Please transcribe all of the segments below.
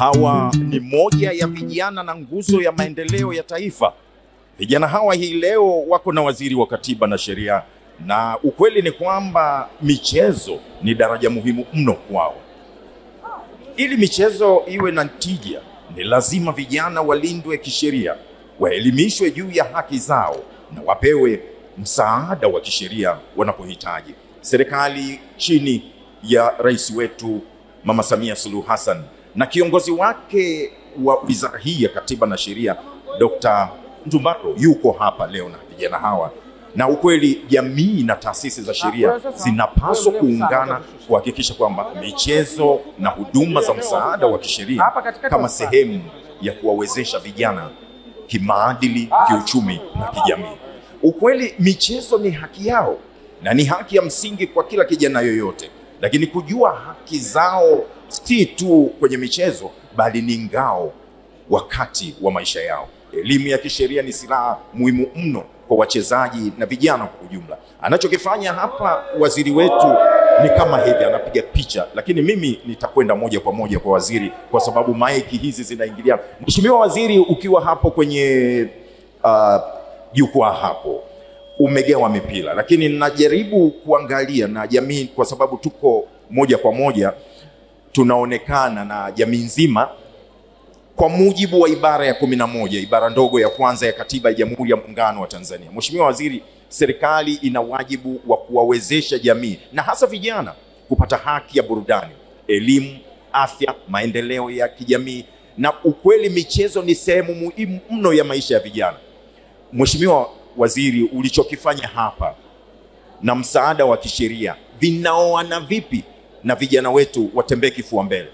hawa ni moja ya vijana na nguzo ya maendeleo ya taifa. Vijana hawa hii leo wako na waziri wa katiba na sheria, na ukweli ni kwamba michezo ni daraja muhimu mno kwao. Ili michezo iwe na tija, ni lazima vijana walindwe kisheria, waelimishwe juu ya haki zao na wapewe msaada wa kisheria wanapohitaji. Serikali chini ya rais wetu Mama Samia Suluhu Hassan na kiongozi wake wa wizara hii ya katiba na sheria Dr. Ndumbaro yuko hapa leo na vijana hawa, na ukweli jamii na taasisi za sheria zinapaswa kuungana kuhakikisha kwamba michezo na huduma za msaada wa kisheria kama sehemu ya kuwawezesha vijana kimaadili, kiuchumi na kijamii. Ukweli michezo ni haki yao na ni haki ya msingi kwa kila kijana yoyote, lakini kujua haki zao si tu kwenye michezo, bali ni ngao wakati wa maisha yao. Elimu ya kisheria ni silaha muhimu mno kwa wachezaji na vijana kwa ujumla. Anachokifanya hapa waziri wetu ni kama hivi, anapiga picha, lakini mimi nitakwenda moja kwa moja kwa waziri, kwa sababu maiki hizi zinaingiliana. Mheshimiwa Waziri, ukiwa hapo kwenye uh, jukwaa uh, hapo umegawa mipira, lakini najaribu kuangalia na jamii, kwa sababu tuko moja kwa moja tunaonekana na jamii nzima kwa mujibu wa ibara ya kumi na moja ibara ndogo ya kwanza ya katiba ya Jamhuri ya Muungano wa Tanzania. Mheshimiwa Waziri, serikali ina wajibu wa kuwawezesha jamii na hasa vijana kupata haki ya burudani, elimu, afya, maendeleo ya kijamii, na ukweli michezo ni sehemu muhimu mno ya maisha ya vijana. Mheshimiwa Waziri, ulichokifanya hapa na msaada wa kisheria vinaoana vipi na vijana wetu watembee kifua mbele.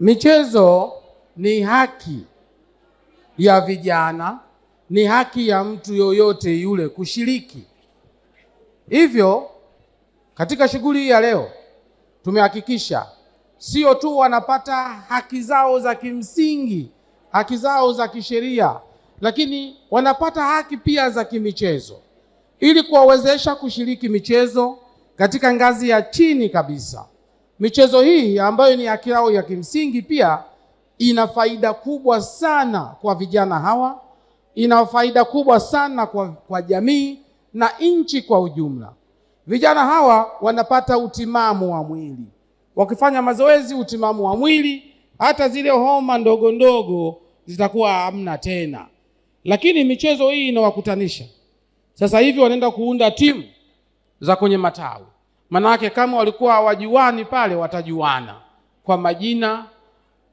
Michezo ni haki ya vijana, ni haki ya mtu yoyote yule kushiriki. Hivyo katika shughuli hii ya leo tumehakikisha sio tu wanapata haki zao za kimsingi, haki zao za kisheria, lakini wanapata haki pia za kimichezo ili kuwawezesha kushiriki michezo katika ngazi ya chini kabisa. Michezo hii ambayo ni ya kiao ya kimsingi pia ina faida kubwa sana kwa vijana hawa, ina faida kubwa sana kwa, kwa jamii na nchi kwa ujumla. Vijana hawa wanapata utimamu wa mwili wakifanya mazoezi, utimamu wa mwili, hata zile homa ndogo ndogo zitakuwa hamna tena. Lakini michezo hii inawakutanisha. Sasa hivi wanaenda kuunda timu za kwenye matawi. Manake kama walikuwa hawajuani pale, watajuana kwa majina,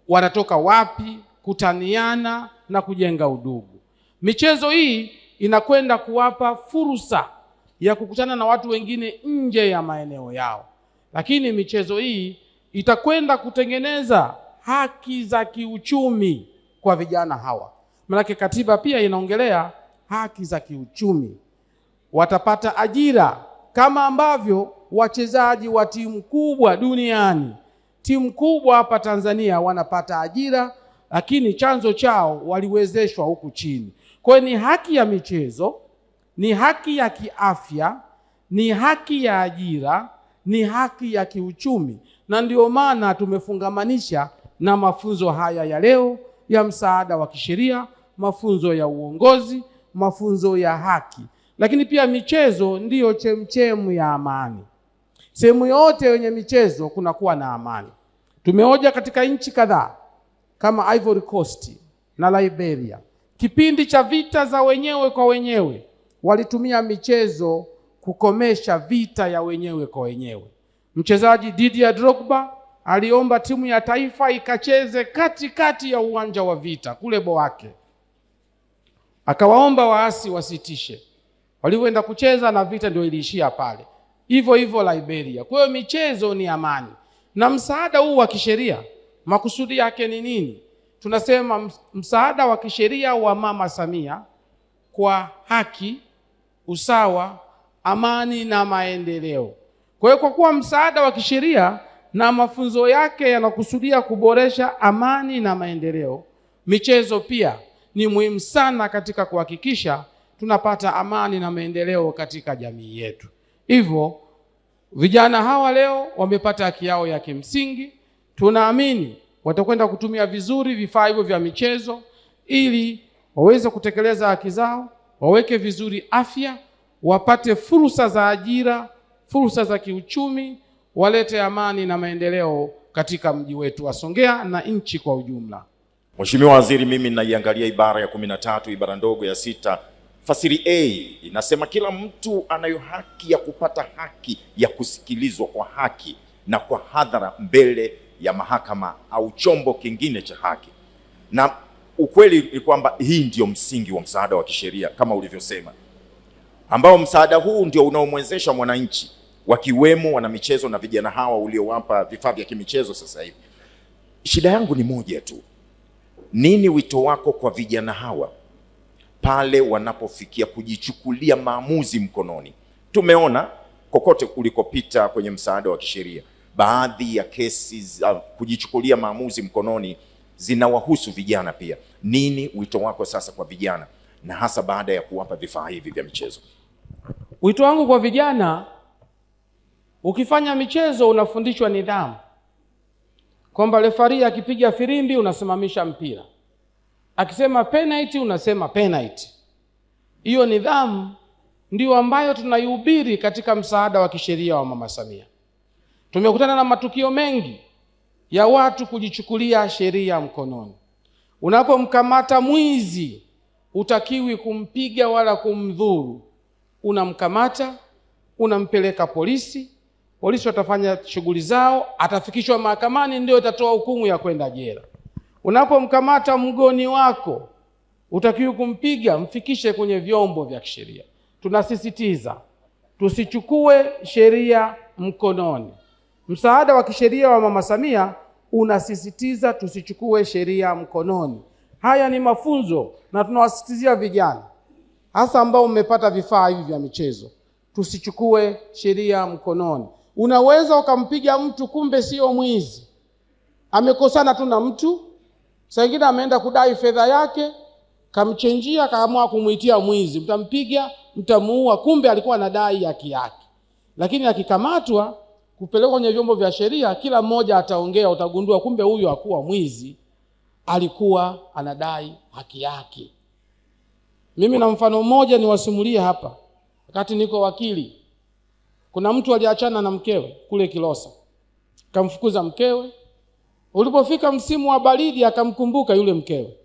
wanatoka wapi, kutaniana na kujenga udugu. Michezo hii inakwenda kuwapa fursa ya kukutana na watu wengine nje ya maeneo yao, lakini michezo hii itakwenda kutengeneza haki za kiuchumi kwa vijana hawa. manake katiba pia inaongelea haki za kiuchumi, watapata ajira kama ambavyo wachezaji wa timu kubwa duniani, timu kubwa hapa Tanzania wanapata ajira, lakini chanzo chao waliwezeshwa huku chini. Kwa hiyo ni haki ya michezo, ni haki ya kiafya, ni haki ya ajira, ni haki ya kiuchumi, na ndio maana tumefungamanisha na mafunzo haya ya leo ya msaada wa kisheria, mafunzo ya uongozi, mafunzo ya haki. Lakini pia michezo ndiyo chemchemu ya amani. Sehemu yote yenye michezo kunakuwa na amani. Tumeoja katika nchi kadhaa kama Ivory Coast na Liberia, kipindi cha vita za wenyewe kwa wenyewe walitumia michezo kukomesha vita ya wenyewe kwa wenyewe. Mchezaji Didier Drogba aliomba timu ya taifa ikacheze katikati ya uwanja wa vita kule Bouake, akawaomba waasi wasitishe walivyoenda kucheza na vita ndio iliishia pale, hivyo hivyo Liberia. Kwa hiyo michezo ni amani, na msaada huu wa kisheria makusudi yake ni nini? Tunasema msaada wa kisheria wa Mama Samia kwa haki, usawa, amani na maendeleo. Kwa hiyo kwa kuwa msaada wa kisheria na mafunzo yake yanakusudia kuboresha amani na maendeleo, michezo pia ni muhimu sana katika kuhakikisha tunapata amani na maendeleo katika jamii yetu. Hivyo vijana hawa leo wamepata haki yao ya kimsingi, tunaamini watakwenda kutumia vizuri vifaa hivyo vya michezo ili waweze kutekeleza haki zao, waweke vizuri afya, wapate fursa za ajira, fursa za kiuchumi, walete amani na maendeleo katika mji wetu wa Songea na nchi kwa ujumla. Mheshimiwa Waziri, mimi ninaiangalia ibara ya kumi na tatu ibara ndogo ya sita Fasiri A inasema kila mtu anayo haki ya kupata haki ya kusikilizwa kwa haki na kwa hadhara mbele ya mahakama au chombo kingine cha haki. Na ukweli ni kwamba hii ndio msingi wa msaada wa kisheria kama ulivyosema, ambao msaada huu ndio unaomwezesha mwananchi, wakiwemo wanamichezo na vijana hawa uliowapa vifaa vya kimichezo sasa hivi. Shida yangu ni moja tu, nini wito wako kwa vijana hawa pale wanapofikia kujichukulia maamuzi mkononi. Tumeona kokote kulikopita kwenye msaada wa kisheria, baadhi ya kesi za kujichukulia maamuzi mkononi zinawahusu vijana pia. Nini wito wako sasa kwa vijana, na hasa baada ya kuwapa vifaa hivi vya michezo? Wito wangu kwa vijana, ukifanya michezo unafundishwa nidhamu, kwamba refari akipiga firimbi unasimamisha mpira akisema penalty unasema penalty. Hiyo nidhamu ndio ambayo tunaihubiri katika msaada wa kisheria wa Mama Samia. Tumekutana na matukio mengi ya watu kujichukulia sheria mkononi. Unapomkamata mwizi, hutakiwi kumpiga wala kumdhuru, unamkamata unampeleka polisi, polisi watafanya shughuli zao, atafikishwa mahakamani, ndio itatoa hukumu ya kwenda jela. Unapomkamata mgoni wako utakiwi kumpiga, mfikishe kwenye vyombo vya kisheria. Tunasisitiza tusichukue sheria mkononi. Msaada wa kisheria wa Mama Samia unasisitiza tusichukue sheria mkononi. Haya ni mafunzo, na tunawasisitizia vijana hasa ambao mmepata vifaa hivi vya michezo, tusichukue sheria mkononi. Unaweza ukampiga mtu, kumbe sio mwizi, amekosana tu na mtu Saa ingine ameenda kudai fedha yake, kamchenjia, kaamua kumwitia mwizi, mtampiga, mtamuua, kumbe alikuwa anadai haki yake. Lakini akikamatwa kupelekwa kwenye vyombo vya sheria, kila mmoja ataongea, utagundua kumbe huyu hakuwa mwizi, alikuwa anadai haki yake. Mimi na mfano mmoja niwasimulie hapa. Wakati niko wakili, kuna mtu aliachana na mkewe kule Kilosa, kamfukuza mkewe Ulipofika msimu wa baridi, akamkumbuka yule mkewe,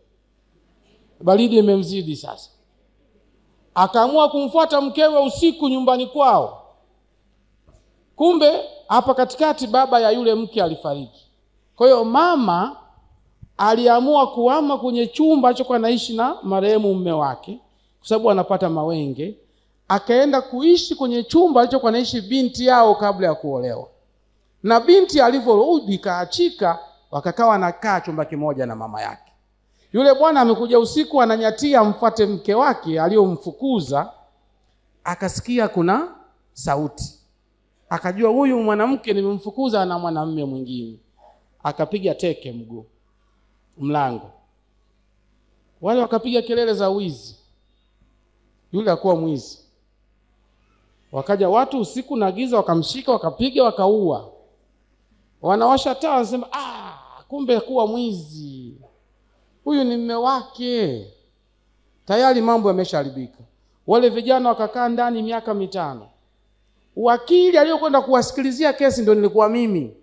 baridi imemzidi sasa, akaamua kumfuata mkewe usiku nyumbani kwao. Kumbe hapa katikati baba ya yule mke alifariki. Kwa hiyo mama aliamua kuhama kwenye chumba alichokuwa anaishi na marehemu mume wake, kwa sababu anapata mawenge, akaenda kuishi kwenye chumba alichokuwa anaishi binti yao kabla ya kuolewa. Na binti alivyorudi kaachika, Wakakawa nakaa chumba kimoja na mama yake. Yule bwana amekuja usiku, ananyatia mfate mke wake aliyomfukuza. Akasikia kuna sauti, akajua huyu mwanamke nimemfukuza na mwanamume mwingine. Akapiga teke mguu mlango, wale wakapiga kelele za wizi, yule akuwa mwizi. Wakaja watu usiku na giza, wakamshika, wakapiga, wakaua. Wanawasha taa, wanasema ah kumbe kuwa mwizi, huyu ni mme wake. Tayari mambo yameshaharibika. Wale vijana wakakaa ndani miaka mitano. Wakili aliyokwenda kuwasikilizia kesi ndo nilikuwa mimi.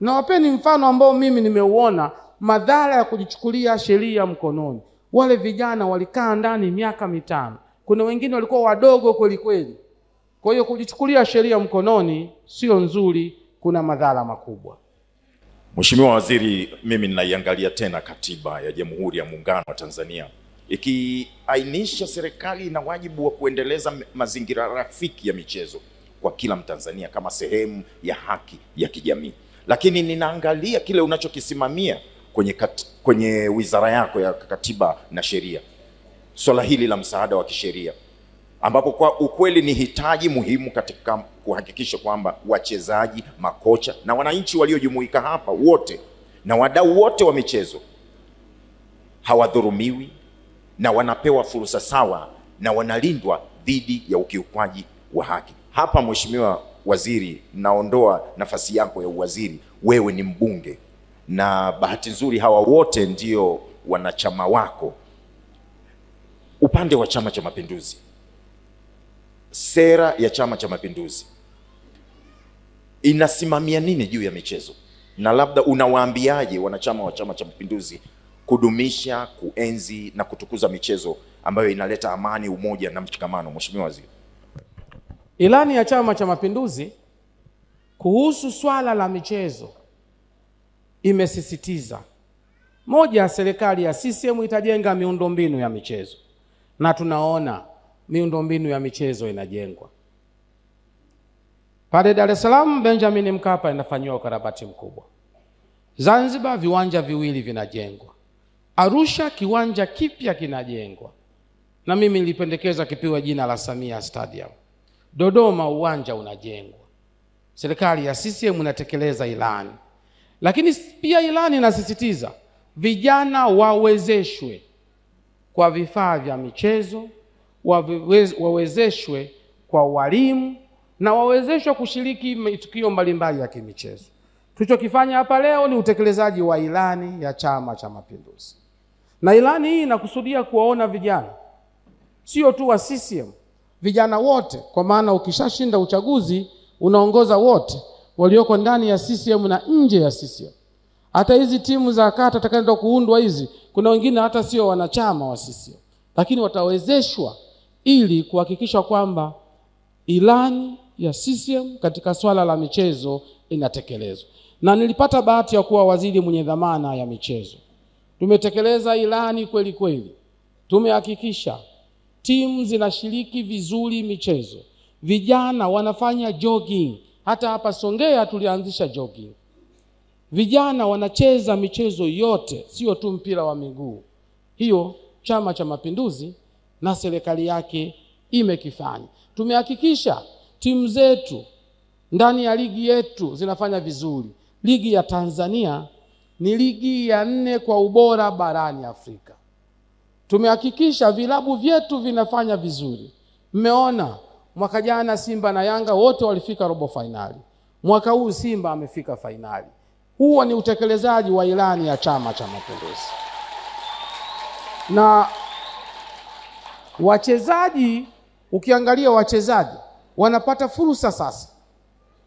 Nawapeni mfano ambao mimi nimeuona, madhara ya kujichukulia sheria mkononi. Wale vijana walikaa ndani miaka mitano, kuna wengine walikuwa wadogo kwelikweli Kwa hiyo kujichukulia sheria mkononi sio nzuri kuna madhara makubwa. Mheshimiwa Waziri, mimi ninaiangalia tena katiba ya Jamhuri ya Muungano wa Tanzania ikiainisha serikali ina wajibu wa kuendeleza mazingira rafiki ya michezo kwa kila Mtanzania kama sehemu ya haki ya kijamii, lakini ninaangalia kile unachokisimamia kwenye, kat, kwenye wizara yako ya katiba na sheria, swala hili la msaada wa kisheria ambapo kwa ukweli ni hitaji muhimu katika kuhakikisha kwamba wachezaji, makocha na wananchi waliojumuika hapa wote na wadau wote wa michezo hawadhurumiwi na wanapewa fursa sawa na wanalindwa dhidi ya ukiukwaji wa haki. Hapa Mheshimiwa Waziri, naondoa nafasi yako ya uwaziri, wewe ni mbunge, na bahati nzuri hawa wote ndio wanachama wako. Upande wa Chama cha Mapinduzi, sera ya Chama cha Mapinduzi inasimamia nini juu ya michezo, na labda unawaambiaje wanachama wa Chama cha Mapinduzi kudumisha, kuenzi na kutukuza michezo ambayo inaleta amani, umoja na mshikamano? Mheshimiwa Waziri. Ilani ya Chama cha Mapinduzi kuhusu swala la michezo imesisitiza moja, serikali ya CCM itajenga miundombinu ya michezo, na tunaona miundombinu ya michezo inajengwa. Pale Dar es Salaam Benjamin Mkapa inafanyiwa ukarabati mkubwa. Zanzibar viwanja viwili vinajengwa. Arusha kiwanja kipya kinajengwa, na mimi nilipendekeza kipiwa jina la Samia Stadium. Dodoma uwanja unajengwa. Serikali ya CCM inatekeleza ilani, lakini pia ilani inasisitiza vijana wawezeshwe kwa vifaa vya michezo, wawezeshwe kwa walimu na wawezeshwe kushiriki matukio mbalimbali ya kimichezo. Tulichokifanya hapa leo ni utekelezaji wa ilani ya Chama cha Mapinduzi, na ilani hii inakusudia kuwaona vijana sio tu wa CCM, vijana wote, kwa maana ukishashinda uchaguzi unaongoza wote walioko ndani ya CCM na nje ya CCM. Hata hizi timu za kata takaenda kuundwa hizi, kuna wengine hata sio wanachama wa CCM, lakini watawezeshwa ili kuhakikisha kwamba ilani ya CCM katika swala la michezo inatekelezwa, na nilipata bahati ya kuwa waziri mwenye dhamana ya michezo. Tumetekeleza ilani kweli kweli, tumehakikisha timu zinashiriki vizuri michezo, vijana wanafanya jogging. Hata hapa Songea tulianzisha jogging, vijana wanacheza michezo yote, sio tu mpira wa miguu. Hiyo Chama cha Mapinduzi na serikali yake imekifanya. Tumehakikisha timu zetu ndani ya ligi yetu zinafanya vizuri. Ligi ya Tanzania ni ligi ya nne kwa ubora barani Afrika. Tumehakikisha vilabu vyetu vinafanya vizuri. Mmeona mwaka jana Simba na Yanga wote walifika robo fainali, mwaka huu Simba amefika fainali. Huo ni utekelezaji wa ilani ya Chama cha Mapinduzi, na wachezaji ukiangalia wachezaji wanapata fursa sasa.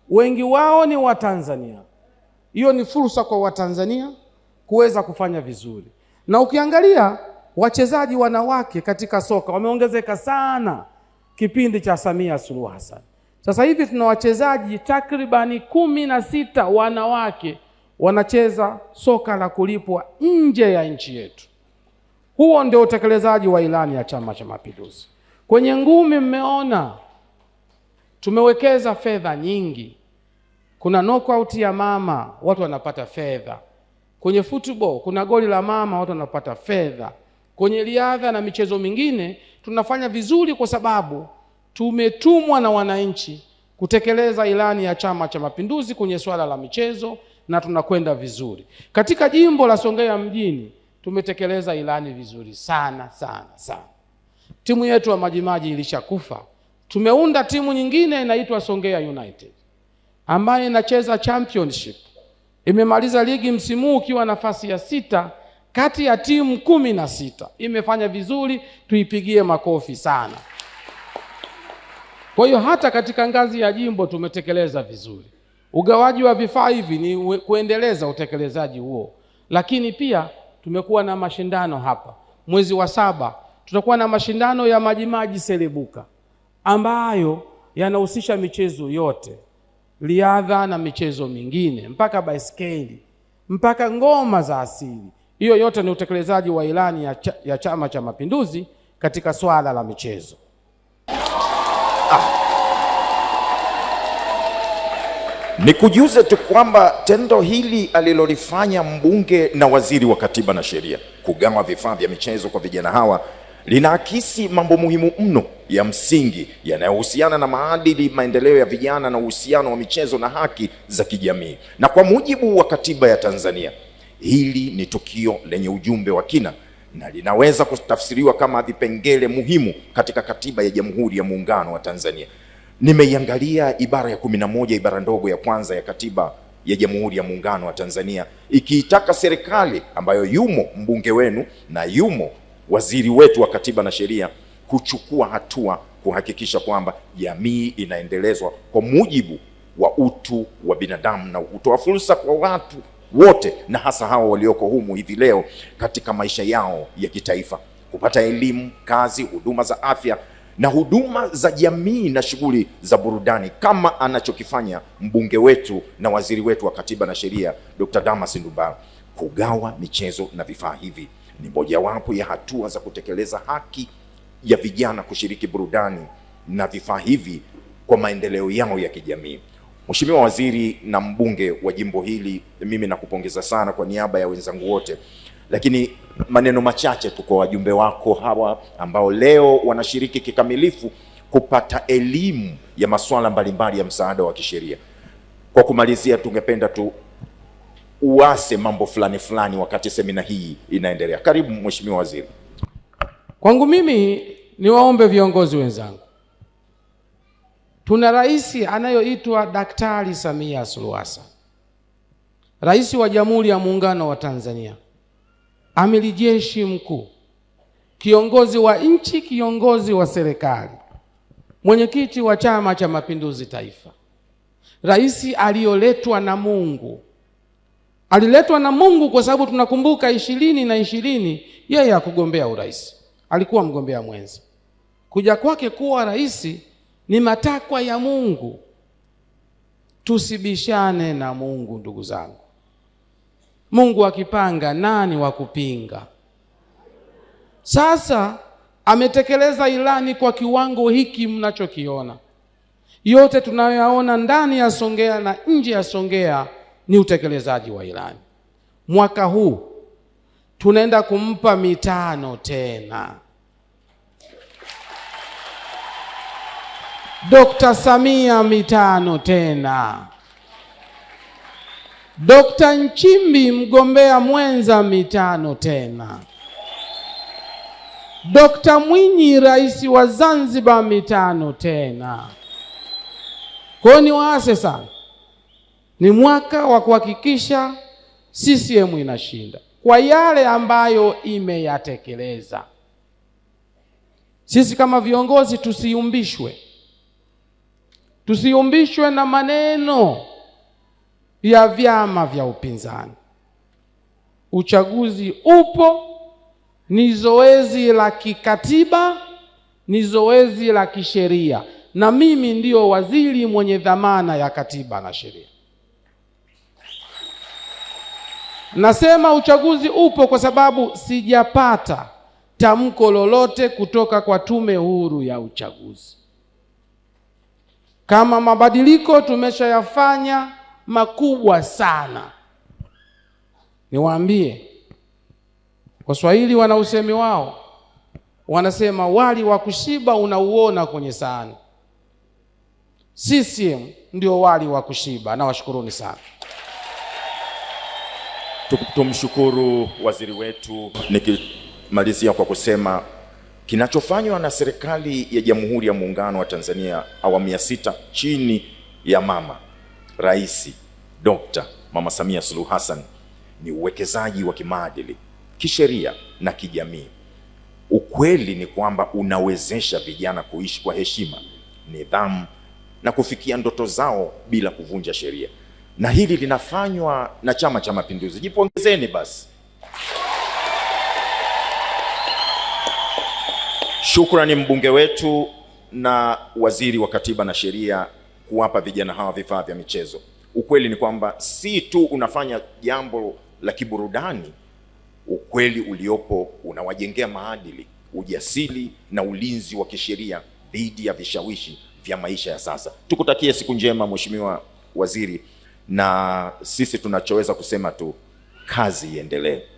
Wengi wao ni Watanzania. Hiyo ni fursa kwa Watanzania kuweza kufanya vizuri, na ukiangalia wachezaji wanawake katika soka wameongezeka sana kipindi cha Samia Suluhu Hassan. Sasa hivi tuna wachezaji takribani kumi na sita wanawake wanacheza soka la kulipwa nje ya nchi yetu. Huo ndio utekelezaji wa ilani ya Chama cha Mapinduzi. Kwenye ngumi mmeona Tumewekeza fedha nyingi, kuna knockout ya mama, watu wanapata fedha kwenye football, kuna goli la mama, watu wanapata fedha kwenye riadha na michezo mingine. Tunafanya vizuri kwa sababu tumetumwa na wananchi kutekeleza ilani ya Chama cha Mapinduzi kwenye swala la michezo na tunakwenda vizuri. Katika jimbo la Songea mjini tumetekeleza ilani vizuri sana sana sana. Timu yetu ya Majimaji ilishakufa. Tumeunda timu nyingine inaitwa Songea United ambayo inacheza championship, imemaliza ligi msimu huu ukiwa nafasi ya sita kati ya timu kumi na sita. Imefanya vizuri, tuipigie makofi sana. Kwa hiyo hata katika ngazi ya jimbo tumetekeleza vizuri. Ugawaji wa vifaa hivi ni kuendeleza utekelezaji huo, lakini pia tumekuwa na mashindano hapa. Mwezi wa saba tutakuwa na mashindano ya Majimaji Selebuka ambayo yanahusisha michezo yote, riadha na michezo mingine, mpaka baiskeli, mpaka ngoma za asili. Hiyo yote ni utekelezaji wa ilani ya, cha, ya Chama cha Mapinduzi katika swala la michezo. Ah. Ni kujiuze tu kwamba tendo hili alilolifanya mbunge na waziri wa Katiba na Sheria kugawa vifaa vya michezo kwa vijana hawa linaakisi mambo muhimu mno ya msingi yanayohusiana na maadili, maendeleo ya vijana na uhusiano wa michezo na haki za kijamii. Na kwa mujibu wa katiba ya Tanzania, hili ni tukio lenye ujumbe wa kina na linaweza kutafsiriwa kama vipengele muhimu katika katiba ya Jamhuri ya Muungano wa Tanzania. Nimeiangalia ibara ya kumi na moja ibara ndogo ya kwanza ya katiba ya Jamhuri ya Muungano wa Tanzania ikiitaka serikali ambayo yumo mbunge wenu na yumo waziri wetu wa Katiba na Sheria huchukua hatua kuhakikisha kwamba jamii inaendelezwa kwa mujibu wa utu wa binadamu na kutoa fursa kwa watu wote na hasa hawa walioko humu hivi leo katika maisha yao ya kitaifa kupata elimu, kazi, huduma za afya na huduma za jamii na shughuli za burudani kama anachokifanya mbunge wetu na waziri wetu wa Katiba na Sheria Dr. Damas Ndumbaro, kugawa michezo na vifaa hivi ni mojawapo ya hatua za kutekeleza haki ya vijana kushiriki burudani na vifaa hivi kwa maendeleo yao ya kijamii. Mheshimiwa Waziri na mbunge wa jimbo hili, mimi nakupongeza sana kwa niaba ya wenzangu wote, lakini maneno machache tu kwa wajumbe wako hawa ambao leo wanashiriki kikamilifu kupata elimu ya masuala mbalimbali ya msaada wa kisheria. Kwa kumalizia, tungependa tu uase mambo fulani fulani wakati semina hii inaendelea. Karibu Mheshimiwa Waziri. Kwangu mimi niwaombe viongozi wenzangu, tuna rais anayoitwa Daktari Samia Suluhu Hassan, rais wa Jamhuri ya Muungano wa Tanzania, amiri jeshi mkuu, kiongozi wa nchi, kiongozi wa serikali, mwenyekiti wa Chama cha Mapinduzi Taifa, rais aliyoletwa na Mungu aliletwa na Mungu kwa sababu tunakumbuka ishirini na ishirini yeye akugombea urais, alikuwa mgombea mwenzi Kuja kwake kuwa rais ni matakwa ya Mungu. Tusibishane na Mungu, ndugu zangu. Mungu akipanga, nani wa kupinga? Sasa ametekeleza ilani kwa kiwango hiki mnachokiona, yote tunayoyaona ndani ya Songea na nje ya Songea ni utekelezaji wa ilani. Mwaka huu tunaenda kumpa mitano tena dokta Samia mitano tena, dokta Nchimbi mgombea mwenza mitano tena, dokta Mwinyi rais wa Zanzibar mitano tena. Kwa hiyo ni waase sana ni mwaka wa kuhakikisha CCM inashinda kwa yale ambayo imeyatekeleza. Sisi kama viongozi tusiumbishwe, tusiumbishwe na maneno ya vyama vya upinzani. Uchaguzi upo, ni zoezi la kikatiba, ni zoezi la kisheria, na mimi ndiyo waziri mwenye dhamana ya katiba na sheria. Nasema uchaguzi upo kwa sababu sijapata tamko lolote kutoka kwa Tume Huru ya Uchaguzi. Kama mabadiliko tumeshayafanya makubwa sana. Niwaambie, Waswahili wana usemi wao, wanasema wali wa kushiba unauona kwenye sahani. CCM ndio wali wa kushiba. Nawashukuruni sana. Tumshukuru waziri wetu, nikimalizia kwa kusema kinachofanywa na serikali ya Jamhuri ya Muungano wa Tanzania awamu ya sita chini ya mama Rais Dr. Mama Samia Suluhu Hassan ni uwekezaji wa kimaadili, kisheria na kijamii. Ukweli ni kwamba unawezesha vijana kuishi kwa heshima, nidhamu na kufikia ndoto zao bila kuvunja sheria na hili linafanywa na Chama cha Mapinduzi. Jipongezeni basi. Shukrani mbunge wetu na waziri wa Katiba na Sheria kuwapa vijana hawa vifaa vya michezo. Ukweli ni kwamba si tu unafanya jambo la kiburudani, ukweli uliopo unawajengea maadili, ujasiri na ulinzi wa kisheria dhidi ya vishawishi vya maisha ya sasa. Tukutakie siku njema, Mheshimiwa Waziri na sisi tunachoweza kusema tu kazi iendelee.